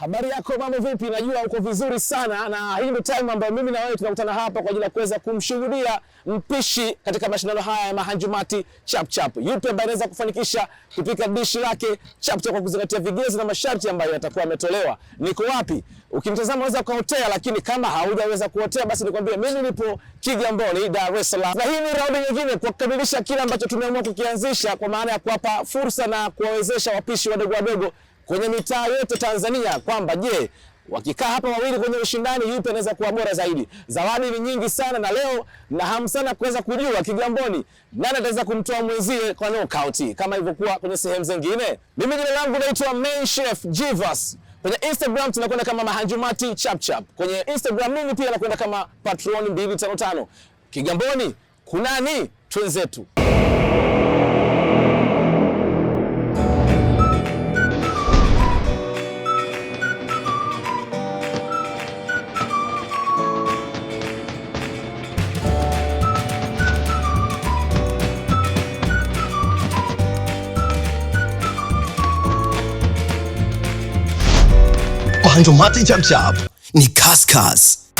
Habari yako, mambo vipi? Najua uko vizuri sana, na hii ndio time ambayo mimi na wewe tunakutana hapa kwa ajili ya kuweza kumshuhudia mpishi katika mashindano haya ya mahanjumati chap chap. Yupi ambaye anaweza kufanikisha kupika dishi lake chap chap kwa kuzingatia vigezo na masharti ambayo yatakuwa yametolewa? Niko wapi? Ukimtazama unaweza kuotea, lakini kama haujaweza kuotea, basi nikwambie mimi nipo Kigamboni, Dar es Salaam, na hii ni raundi nyingine kwa kukamilisha kile ambacho tumeamua kukianzisha, kwa maana ya kuwapa fursa na kuwawezesha wapishi wadogo wadogo kwenye mitaa yote Tanzania kwamba je, wakikaa hapa wawili kwenye ushindani yupi anaweza kuwa bora zaidi. Zawadi ni nyingi sana, na leo na hamu sana kuweza kujua Kigamboni nani ataweza kumtoa mwenzie kwa knockout kama ilivyokuwa kwenye sehemu zingine. Mimi jina langu naitwa Main Chef Jivas. Kwenye Instagram tunakwenda kama Mahanjumati Chapchap. Kwenye Instagram mimi pia nakwenda kama Patron 255. Kigamboni kunani? Twenzetu. Tanjomate Chapchap ni Kaskas.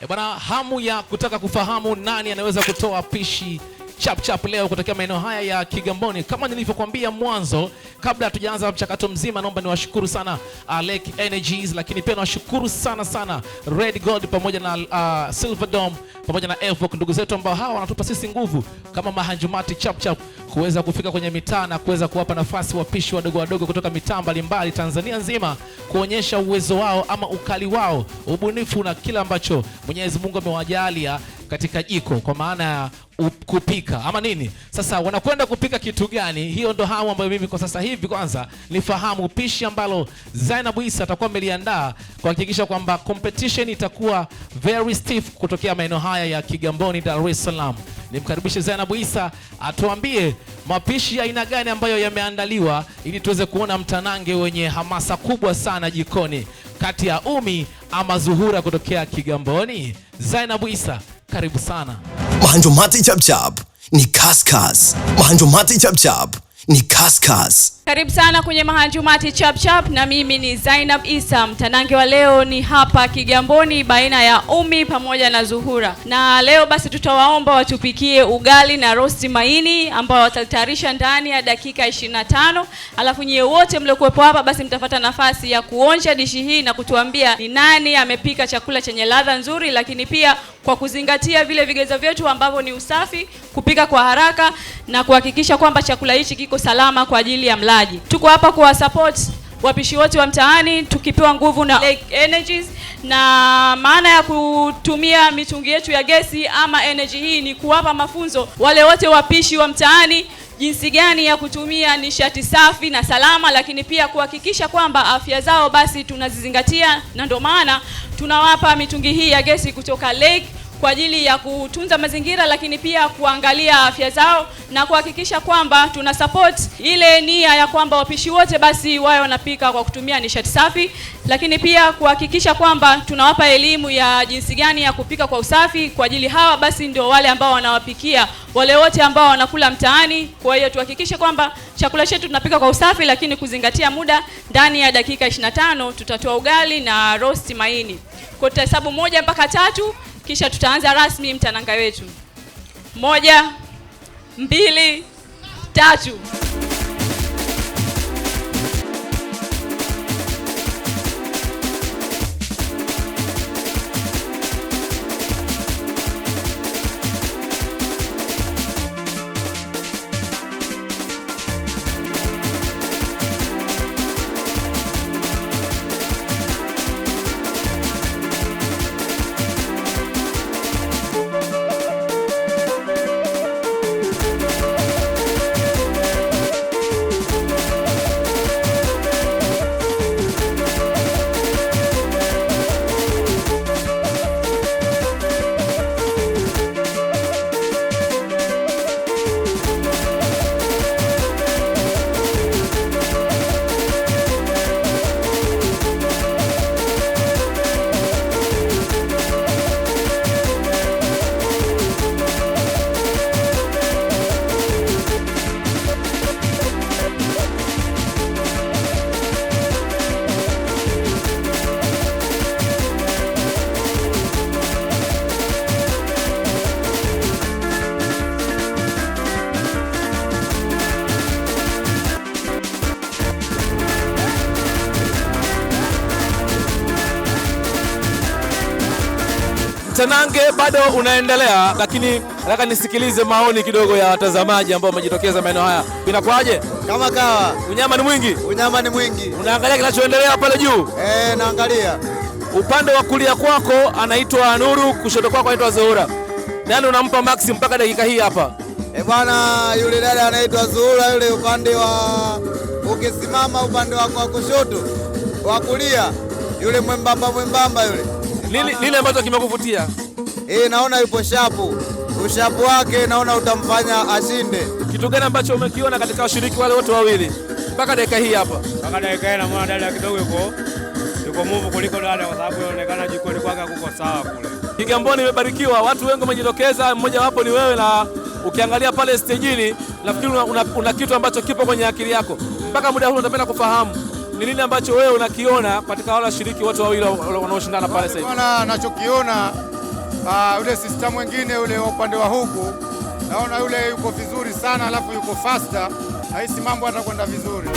E bwana, hamu ya kutaka kufahamu nani anaweza kutoa pishi chap chap leo kutokea maeneo haya ya Kigamboni. Kama nilivyokuambia mwanzo, kabla hatujaanza mchakato mzima, naomba niwashukuru sana uh, Lake Energies, lakini pia niwashukuru sana sana Red Gold pamoja na uh, Silver Dome pamoja na Evok, ndugu zetu ambao hawa wanatupa sisi nguvu kama mahanjumati chap chap kuweza kufika kwenye mitaa na kuweza kuwapa nafasi wapishi wadogo wadogo kutoka mitaa mbalimbali Tanzania nzima kuonyesha uwezo wao ama ukali wao, ubunifu na kila ambacho Mwenyezi Mungu amewajalia katika jiko kwa maana ya kupika ama nini. Sasa wanakwenda kupika kitu gani? Hiyo ndo hamu ambayo mimi kwa sasa hivi kwanza nifahamu pishi ambalo Zainab Isa atakuwa ameliandaa kuhakikisha kwamba competition itakuwa very stiff kutokea maeneo haya ya Kigamboni, Dar es Salaam. Nimkaribishe Zainab Isa atuambie mapishi ya aina gani ambayo yameandaliwa ili tuweze kuona mtanange wenye hamasa kubwa sana jikoni kati ya Umi ama Zuhura kutokea Kigamboni. Zainab Isa, karibu sana. Mahanjumati Chapchap ni kaskas. Mahanjumati Chapchap ni kaskas. Karibu sana kwenye Mahanjumati Chap Chap, na mimi ni Zainab Isa. Mtanange wa leo ni hapa Kigamboni, baina ya Umi pamoja na Zuhura, na leo basi tutawaomba watupikie ugali na rosti maini ambao watatayarisha ndani ya dakika 25. Alafu nyie wote mliokuwepo hapa basi mtapata nafasi ya kuonja dishi hii na kutuambia ni nani amepika chakula chenye ladha nzuri, lakini pia kwa kuzingatia vile vigezo vyetu ambavyo ni usafi, kupika kwa haraka na kuhakikisha kwamba chakula hichi kiko salama kwa ajili ya mla upatikanaji. Tuko hapa support wapishi wote wa mtaani tukipewa nguvu na Lake Energies, na maana ya kutumia mitungi yetu ya gesi ama energy hii ni kuwapa mafunzo wale wote wapishi wa mtaani jinsi gani ya kutumia nishati safi na salama, lakini pia kuhakikisha kwamba afya zao basi tunazizingatia, na ndio maana tunawapa mitungi hii ya gesi kutoka Lake kwa ajili ya kutunza mazingira, lakini pia kuangalia afya zao na kuhakikisha kwamba tuna support ile nia ya kwamba wapishi wote basi wawe wanapika kwa kutumia nishati safi, lakini pia kuhakikisha kwamba tunawapa elimu ya jinsi gani ya kupika kwa usafi, kwa ajili hawa basi ndio wale ambao wanawapikia wale wote ambao wanakula mtaani. Kwa hiyo tuhakikishe kwamba chakula chetu tunapika kwa usafi, lakini kuzingatia muda. Ndani ya dakika 25 tutatoa ugali na rosti maini, kwa tutahesabu moja mpaka tatu kisha tutaanza rasmi mtananga wetu. Moja, mbili, tatu. Senange bado unaendelea, lakini nataka nisikilize maoni kidogo ya watazamaji ambao wamejitokeza maeneo haya. Inakuwaje? Kama kawa, unyama ni mwingi, unyama ni mwingi. Unaangalia kinachoendelea pale juu? Eh, naangalia upande wa kulia kwako anaitwa Nuru, kushoto kwako anaitwa Zuhura. Nani unampa max mpaka dakika hii hapa? Eh bwana, yule dada anaitwa Zuhura yule, upande wa ukisimama, upande wako wa kushoto wa kulia, yule mwembamba mwembamba yule Lili, ambacho kimekuvutia eh? Naona yupo shapu, ushapu wake naona utamfanya ashinde. Kitu gani ambacho umekiona katika washiriki wale wote wawili mpaka dakika hii hapa? Mpaka dakika hii naona dada kidogo yuko yuko move kuliko dada, kwa sababu inaonekana jikoni kwake kuko sawa kule. Kigamboni imebarikiwa, watu wengi wamejitokeza, mmoja wapo ni wewe, na ukiangalia pale stejini nafikiri una, una, una kitu ambacho kipo kwenye akili yako mpaka muda huu. Unapenda kufahamu ni nini ambacho wewe unakiona katika wale washiriki wote wawili wanaoshindana pale sasa hivi? Bwana, nachokiona uh, ah, ule system wengine ule wa upande wa huku naona yule yuko vizuri sana, alafu yuko faster, nahisi mambo atakwenda vizuri.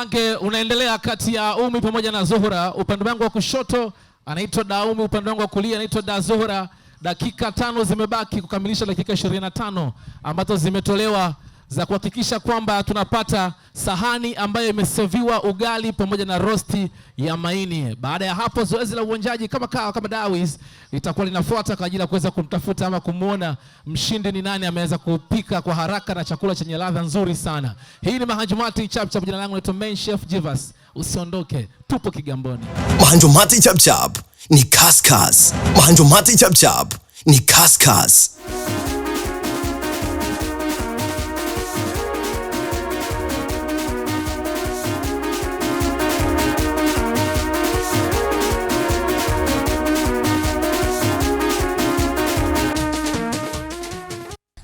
Mange unaendelea kati ya Umi pamoja na Zuhura. Upande wangu wa kushoto anaitwa Daumi, upande wangu wa kulia anaitwa Da Zuhura. Dakika tano zimebaki kukamilisha dakika 25 ambazo zimetolewa za kuhakikisha kwamba tunapata sahani ambayo imeseviwa ugali pamoja na rosti ya maini. Baada ya hapo, zoezi la uonjaji kama kawa kama Dawis litakuwa linafuata kwa ajili ya kuweza kumtafuta ama kumwona mshindi ni nani ameweza kupika kwa haraka na chakula chenye ladha nzuri sana. Hii ni Mahanjumati Chapchap, jina langu naitwa Main Chef Jivas. Usiondoke, tupo Kigamboni. Mahanjumati Chapchap ni kaskas. Mahanjumati Chapchap ni kaskas.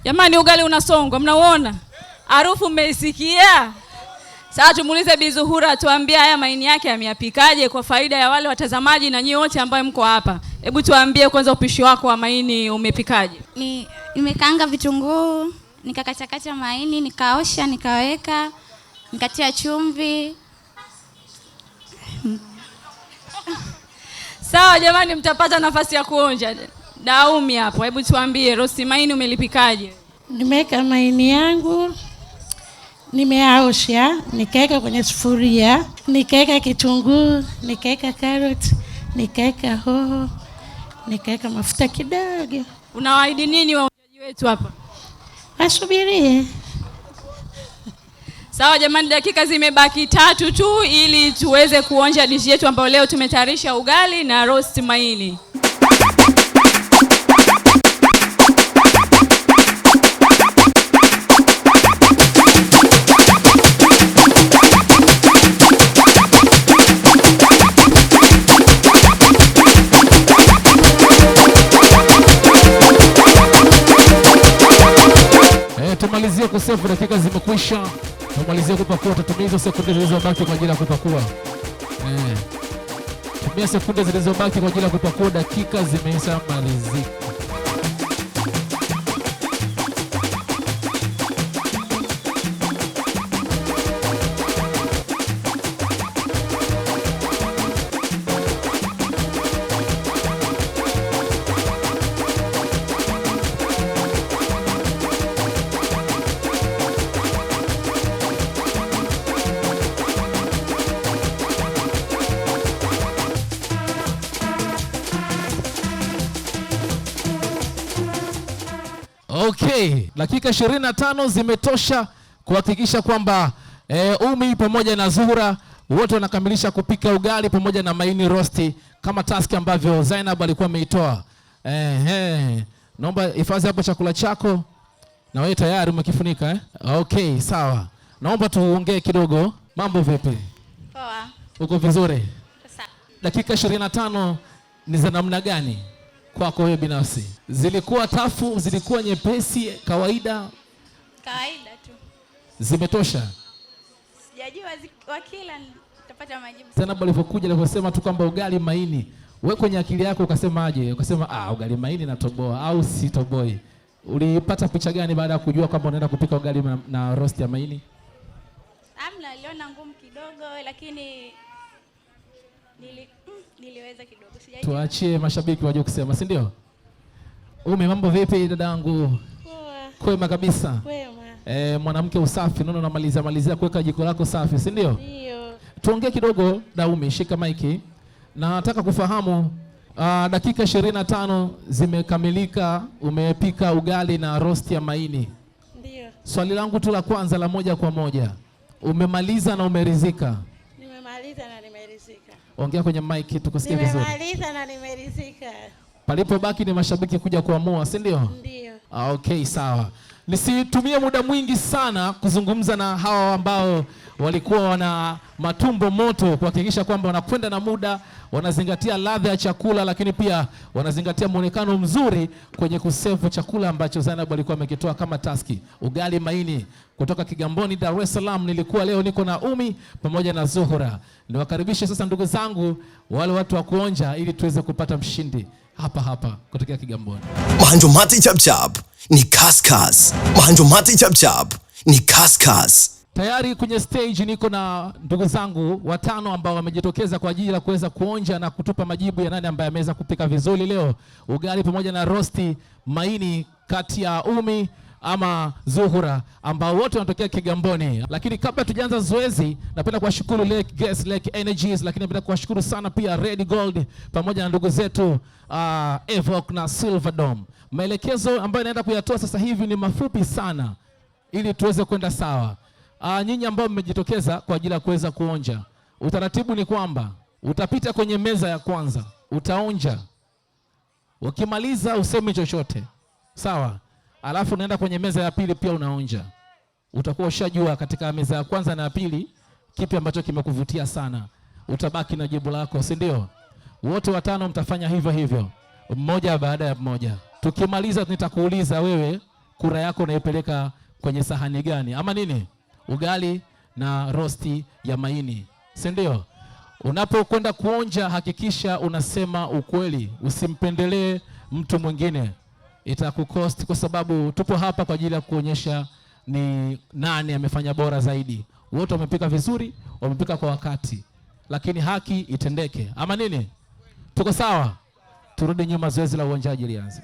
Jamani, ugali unasongwa, mnauona? Harufu mmeisikia? Sasa tumuulize Bi Zuhura haya maini yake ameyapikaje kwa faida ya wale watazamaji na nyinyi wote ambao mko hapa. Hebu tuambie kwanza upishi wako wa maini umepikaje? Ni nimekaanga vitunguu, nikakatakata maini, nikaosha, nikaweka, nikatia chumvi. Sawa jamani, mtapata nafasi ya kuonja. Daumi hapo, hebu tuambie rosti maini umelipikaje? Nimeweka maini yangu nimeaosha, nikaweka kwenye sufuria, nikaweka kitunguu, nikaweka karoti, nikaweka hoho, nikaweka mafuta kidogo. Unawaahidi nini waonjaji wetu hapa? Wasubirie. Sawa jamani, dakika zimebaki tatu tu ili tuweze kuonja dishi yetu ambayo leo tumetayarisha ugali na roast maini. tunamalizia kusefu, dakika zimekwisha. Tunamalizia kupakua, tutimiza sekunde zilizobaki kwa ajili ya kupakua eh. Tumia sekunde zilizobaki kwa ajili ya kupakua, dakika zimeshamalizika. Hey, dakika 25 zimetosha kuhakikisha kwamba e, Umi pamoja na Zuhura wote wanakamilisha kupika ugali pamoja na maini rosti kama task ambavyo Zainab alikuwa ameitoa. Eh, eh, Naomba hifadhi hapo chakula chako na wewe tayari umekifunika eh? Okay, sawa. Naomba tuongee kidogo. Mambo vipi? Poa. Uko vizuri? Sawa. Dakika 25 ni za namna gani? kwako wewe binafsi? Zilikuwa tafu, zilikuwa nyepesi, kawaida? Kawaida tu. Zimetosha? Sijajua wakila nitapata majibu. Sana hapo alipokuja tu kwamba ugali maini, we kwenye akili yako ukasemaje? Ukasema ah, ugali maini natoboa au sitoboi? Ulipata picha gani baada ya kujua kwamba unaenda kupika ugali na, na roast ya maini? Amna, ah, niliona ngumu kidogo lakini nili Niliweza kidogo. Tuachie mashabiki waje kusema, si ndio? Ume, mambo vipi dadangu? Kwema kabisa. Kwema. E, mwanamke usafi nuno, namalizia malizia kuweka jiko lako safi, si ndio? Ndio. Tuongee kidogo Daumi, shika maiki. Nataka kufahamu uh, dakika 25 zimekamilika, umepika ugali na rosti ya maini. Ndio. Swali langu tu la kwanza la moja kwa moja, umemaliza na umeridhika? Ongea kwenye mic tukusikie vizuri. Nimemaliza na nimeridhika. Palipobaki ni mashabiki kuja kuamua, si ndio? Ndio. Ah, okay, sawa. Nisitumie muda mwingi sana kuzungumza na hawa ambao walikuwa wana matumbo moto kuhakikisha kwamba wanakwenda na muda, wanazingatia ladha ya chakula, lakini pia wanazingatia mwonekano mzuri kwenye kusevu chakula ambacho Zainab alikuwa amekitoa kama taski. Ugali maini kutoka Kigamboni, Dar es Salaam. Nilikuwa leo niko na Umi pamoja na Zuhura. Niwakaribishe sasa ndugu zangu wale watu wa kuonja, ili tuweze kupata mshindi hapa hapa kutokea Kigamboni. Mahanjumati chapchap ni kaskas, mahanjumati chapchap ni kaskas. Tayari kwenye stage niko na ndugu zangu watano ambao wamejitokeza kwa ajili ya kuweza kuonja na kutupa majibu ya nani ambaye ameweza kupika vizuri leo ugali pamoja na rosti maini kati ya Umi ama Zuhura ambao wote wanatokea Kigamboni. Lakini kabla tujaanza zoezi, napenda kuwashukuru Lake Gas, Lake Energies, lakini napenda kuwashukuru sana pia Red Gold pamoja na ndugu zetu uh, Evoc na Silver Dome. Maelekezo ambayo naenda kuyatoa sasa hivi ni mafupi sana ili tuweze kwenda sawa. Ah, nyinyi ambao mmejitokeza kwa ajili ya kuweza kuonja, utaratibu ni kwamba utapita kwenye meza ya kwanza, utaonja, ukimaliza useme chochote, sawa? Alafu unaenda kwenye meza ya pili, pia unaonja. Utakuwa ushajua katika meza ya kwanza na ya pili kipi ambacho kimekuvutia sana, utabaki na jibu lako, si ndio? Wote watano mtafanya hivyo hivyo, mmoja baada ya mmoja. Tukimaliza nitakuuliza wewe, kura yako unaipeleka kwenye sahani gani ama nini? ugali na rosti ya maini, si ndio? Unapokwenda kuonja, hakikisha unasema ukweli, usimpendelee mtu mwingine, itakukost kwa sababu tupo hapa kwa ajili ya kuonyesha ni nani amefanya bora zaidi. Wote wamepika vizuri, wamepika kwa wakati, lakini haki itendeke, ama nini? Tuko sawa? Turudi nyuma, zoezi la uonjaji lianze.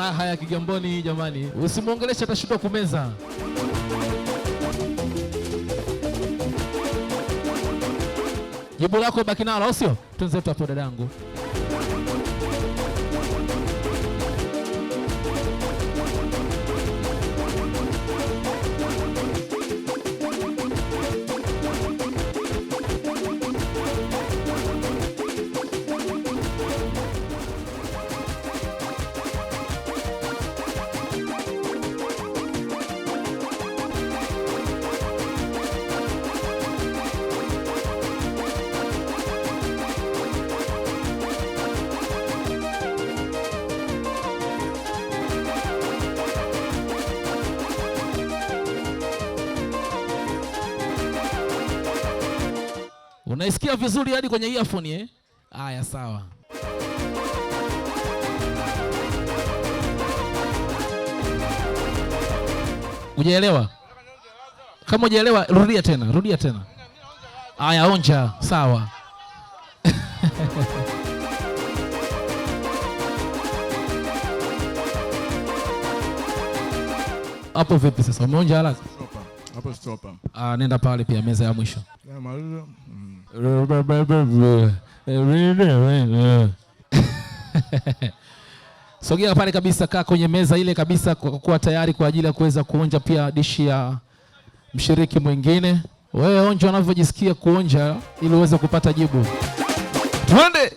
raha ya Kigamboni jamani, usimwongeleshe atashindwa kumeza. Jibu lako baki nalo, au sio? Tunzetu hapo dadangu. vizuri hadi kwenye earphone eh? Haya, sawa. Ujaelewa? Kama ujaelewa, rudia tena, rudia tena. Haya, onja, sawa. Hapo vipi sasa? Umeonja haraka? Hapo stopa. Ah, nenda pale pia meza ya mwisho. Yeah, Sogea pale kabisa, kaa kwenye meza ile kabisa, kuwa tayari kwa ajili ya kuweza kuonja pia dishi ya mshiriki mwingine. Wewe onja unavyojisikia kuonja, ili uweze kupata jibu. Twende.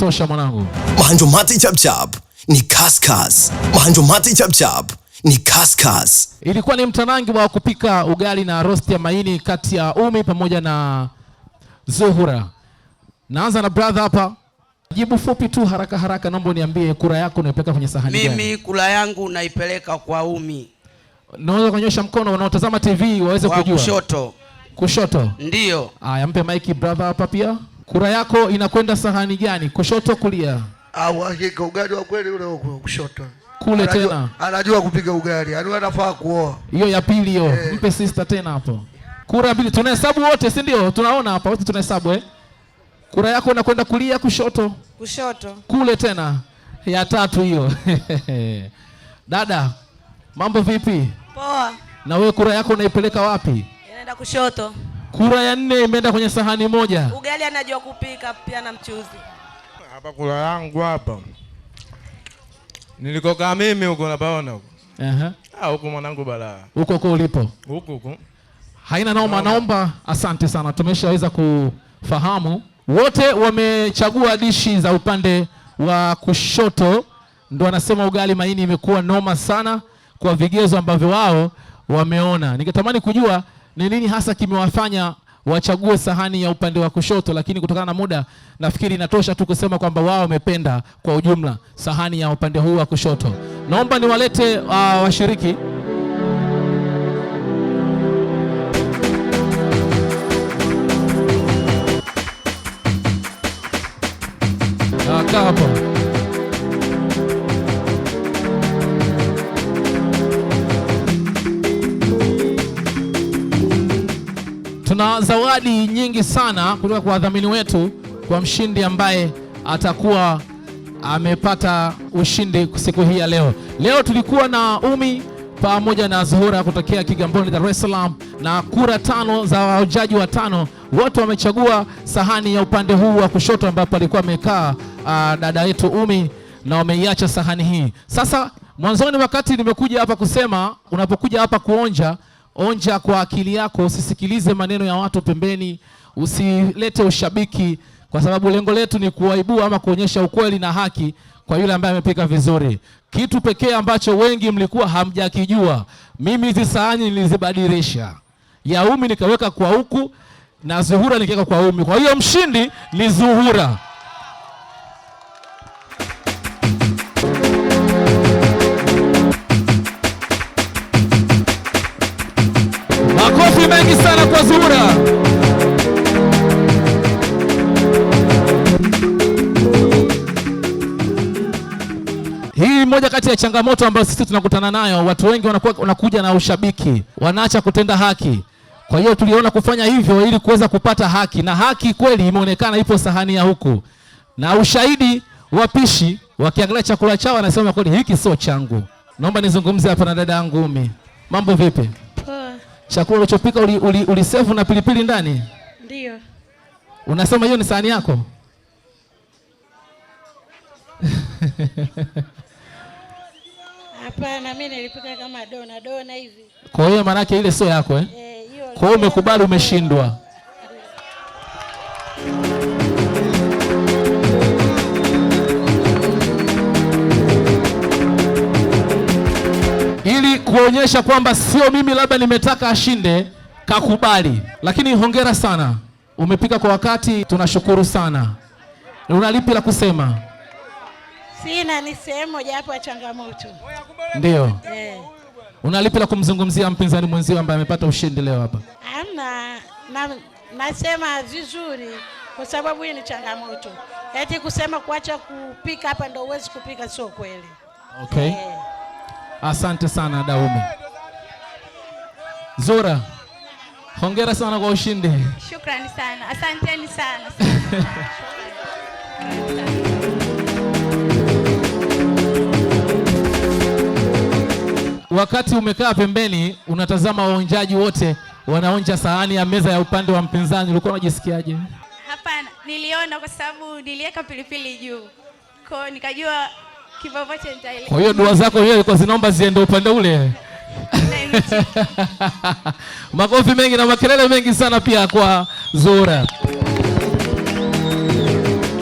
Tosha mwanangu. Mahanjo Mahanjumati chapchap ni kaskas. Mahanjo Mahanjumati chapchap ni kaskas. Ilikuwa ni mtanangi wa kupika ugali na rosti ya maini kati ya Umi pamoja na Zuhura. Naanza na brother hapa. Jibu fupi tu haraka haraka, naomba niambie kura yako unaipeleka kwenye sahani gani? Mimi kura yangu naipeleka kwa Umi. Naweza kunyosha mkono wanaotazama TV waweze kujua. Kushoto. Kushoto. Ndio. Aya, mpe mike brother hapa pia. Kura yako inakwenda sahani gani? Kushoto, kulia? Au ah, hakika ugali wa kweli ule wa kushoto kule anajua, tena anajua kupiga ugali, anajua yaani anafaa kuoa. Hiyo ya pili hiyo yeah. Mpe sister tena hapo. Kura mbili tunahesabu wote, si ndio? Tunaona hapa wote tunahesabu eh? Kura yako inakwenda kulia, kushoto? Kushoto. Kule tena ya tatu hiyo. Dada, mambo vipi? Poa. Na wewe kura yako unaipeleka wapi? Inaenda kushoto. Kura ya nne imeenda kwenye sahani moja. Ugali anajua kupika pia na mchuzi. Hapa kula yangu hapa. Nilikokaa mimi huko napaona huko. Aha. Ah, huko mwanangu balaa. Huko huko ulipo. Huko huko. Haina noma, naomba asante sana. Tumeshaweza kufahamu wote wamechagua dishi za upande wa kushoto, ndo anasema ugali maini imekuwa noma sana kwa vigezo ambavyo wao wameona. Ningetamani kujua ni nini hasa kimewafanya wachague sahani ya upande wa kushoto, lakini kutokana na muda nafikiri inatosha tu kusema kwamba wao wamependa kwa ujumla sahani ya upande huu wa kushoto. Naomba niwalete uh, washiriki ah, kaa hapo. zawadi nyingi sana kutoka kwa wadhamini wetu kwa mshindi ambaye atakuwa amepata ushindi siku hii ya leo. Leo tulikuwa na Umi pamoja na Zuhura kutokea Kigamboni, Dar es Salaam, na kura tano za wahojaji watano wote wamechagua sahani ya upande huu wa kushoto ambapo alikuwa amekaa ah, dada yetu Umi na wameiacha sahani hii. Sasa mwanzoni, wakati nimekuja hapa kusema, unapokuja hapa kuonja Onja kwa akili yako, usisikilize maneno ya watu pembeni, usilete ushabiki, kwa sababu lengo letu ni kuwaibua ama kuonyesha ukweli na haki kwa yule ambaye amepika vizuri. Kitu pekee ambacho wengi mlikuwa hamjakijua, mimi hizi sahani nilizibadilisha, Yaumi nikaweka kwa huku na Zuhura nikaweka kwa Umi. Kwa hiyo mshindi ni Zuhura. mengi sana kwa Zura. Hii moja kati ya changamoto ambayo sisi tunakutana nayo, watu wengi wanakuwa, wanakuja na ushabiki, wanaacha kutenda haki. Kwa hiyo tuliona kufanya hivyo ili kuweza kupata haki, na haki kweli imeonekana ipo sahani ya huku, na ushahidi wapishi wakiangalia chakula chao wanasema kweli hiki sio changu. Naomba nizungumze hapa na dada yangu Umi. Mambo vipi? Chakula ulichopika uli, uli, uli na pilipili ndani? Ndio. Unasema hiyo ni sahani yako? Hapana, mimi nilipika kama dona dona hivi. Kwa hiyo maana yake ile sio yako eh? Eh, hiyo. Kwa hiyo umekubali umeshindwa. kuonyesha kwamba sio mimi labda nimetaka ashinde, kakubali. Lakini hongera sana, umepika kwa wakati, tunashukuru sana. Una lipi la kusema? Sina, ni sehemu moja hapo ya changamoto. Ndio. Eh. Una lipi la kumzungumzia mpinzani mwenzio ambaye amepata ushindi leo hapa? Hamna, na, nasema vizuri kwa sababu hii ni changamoto. Eti kusema kuacha kupika hapa ndio uwezi kupika sio kweli. Okay. Eh. Asante sana Daume. Zura, hongera sana kwa ushindi. Shukrani sana, asanteni sana. Wakati umekaa pembeni unatazama waonjaji wote wanaonja sahani ya meza ya upande wa mpinzani, ulikuwa unajisikiaje? Hapana, niliona kwa sababu niliweka pilipili juu, kwa nikajua kwa hiyo dua zako hiyo ilikuwa zinaomba ziende upande ule. Makofi mengi na makelele mengi sana pia kwa Zuhura.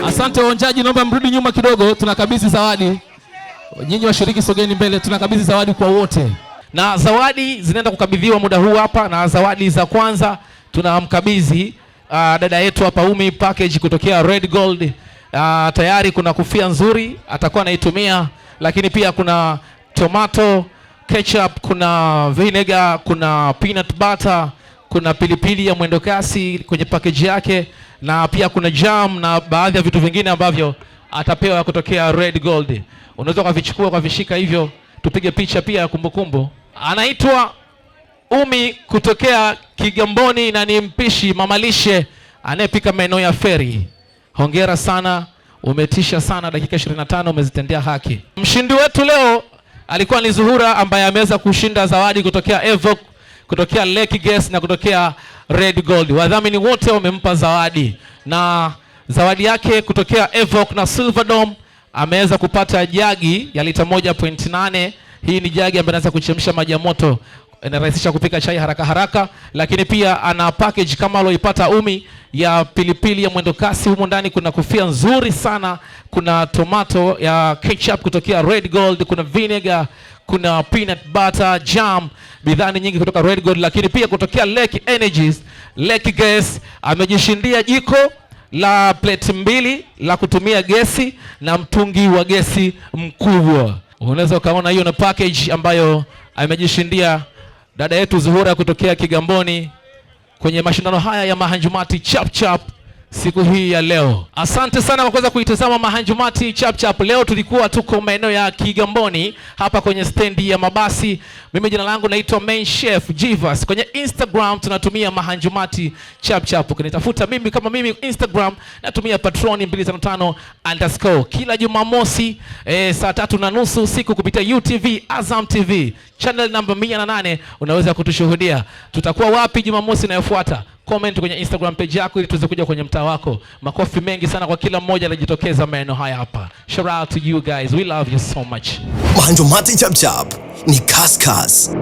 Asante waonjaji, naomba mrudi nyuma kidogo, tunakabidhi zawadi. Nyinyi washiriki sogeni mbele, tunakabidhi zawadi kwa wote, na zawadi zinaenda kukabidhiwa muda huu hapa, na zawadi za kwanza tunamkabidhi uh, dada yetu hapa Umi package kutokea Red Gold Uh, tayari kuna kofia nzuri atakuwa anaitumia, lakini pia kuna tomato ketchup, kuna vinegar, kuna peanut butter, kuna pilipili ya mwendokasi kwenye pakeji yake, na pia kuna jam na baadhi ya vitu vingine ambavyo atapewa kutokea Red Gold. Unaweza ukavichukua ukavishika hivyo, tupige picha pia ya kumbukumbu. Anaitwa Umi kutokea Kigamboni na ni mpishi mamalishe anayepika maeneo ya Feri. Hongera sana, umetisha sana, dakika 25 umezitendea haki. Mshindi wetu leo alikuwa ni Zuhura ambaye ameweza kushinda zawadi kutokea Evoque, kutokea Lake Gas na kutokea Red Gold. Wadhamini wote wamempa zawadi na zawadi yake kutokea Evoque na Dome ameweza kupata jagi ya lita 1.8. Hii ni jagi ambayo inaweza kuchemsha maji ya moto inarahisisha kupika chai haraka haraka, lakini pia ana package kama aloipata Umi ya pilipili ya mwendo kasi. Humo ndani kuna kofia nzuri sana, kuna tomato ya ketchup kutokea Red Gold, kuna vinegar, kuna peanut butter jam, bidhaa nyingi kutoka Red Gold, lakini pia kutokea Lake Energies, Lake Gas amejishindia jiko la plate mbili la kutumia gesi na mtungi wa gesi mkubwa. Unaweza ukaona hiyo na package ambayo amejishindia dada yetu Zuhura kutokea Kigamboni kwenye mashindano haya ya mahanjumati chap chap siku hii ya leo. Asante sana kwa kuweza kuitazama Mahanjumati Chapchap. Leo tulikuwa tuko maeneo ya Kigamboni hapa kwenye stendi ya mabasi. Mimi jina langu naitwa Main Chef Jivas. Kwenye Instagram tunatumia Mahanjumati Chapchap. Ukinitafuta mimi kama mimi Instagram natumia patroni 255 underscore. Kila Jumamosi eh, saa tatu na nusu usiku kupitia UTV Azam TV channel namba 108 unaweza kutushuhudia. Tutakuwa wapi Jumamosi inayofuata? comment kwenye Instagram page yako ili tuweze kuja kwenye mtaa wako. Makofi mengi sana kwa kila mmoja anajitokeza maeneo haya hapa. Shout out to you guys. We love you so much. Manjo Martin Chap Chap ni Kaskas.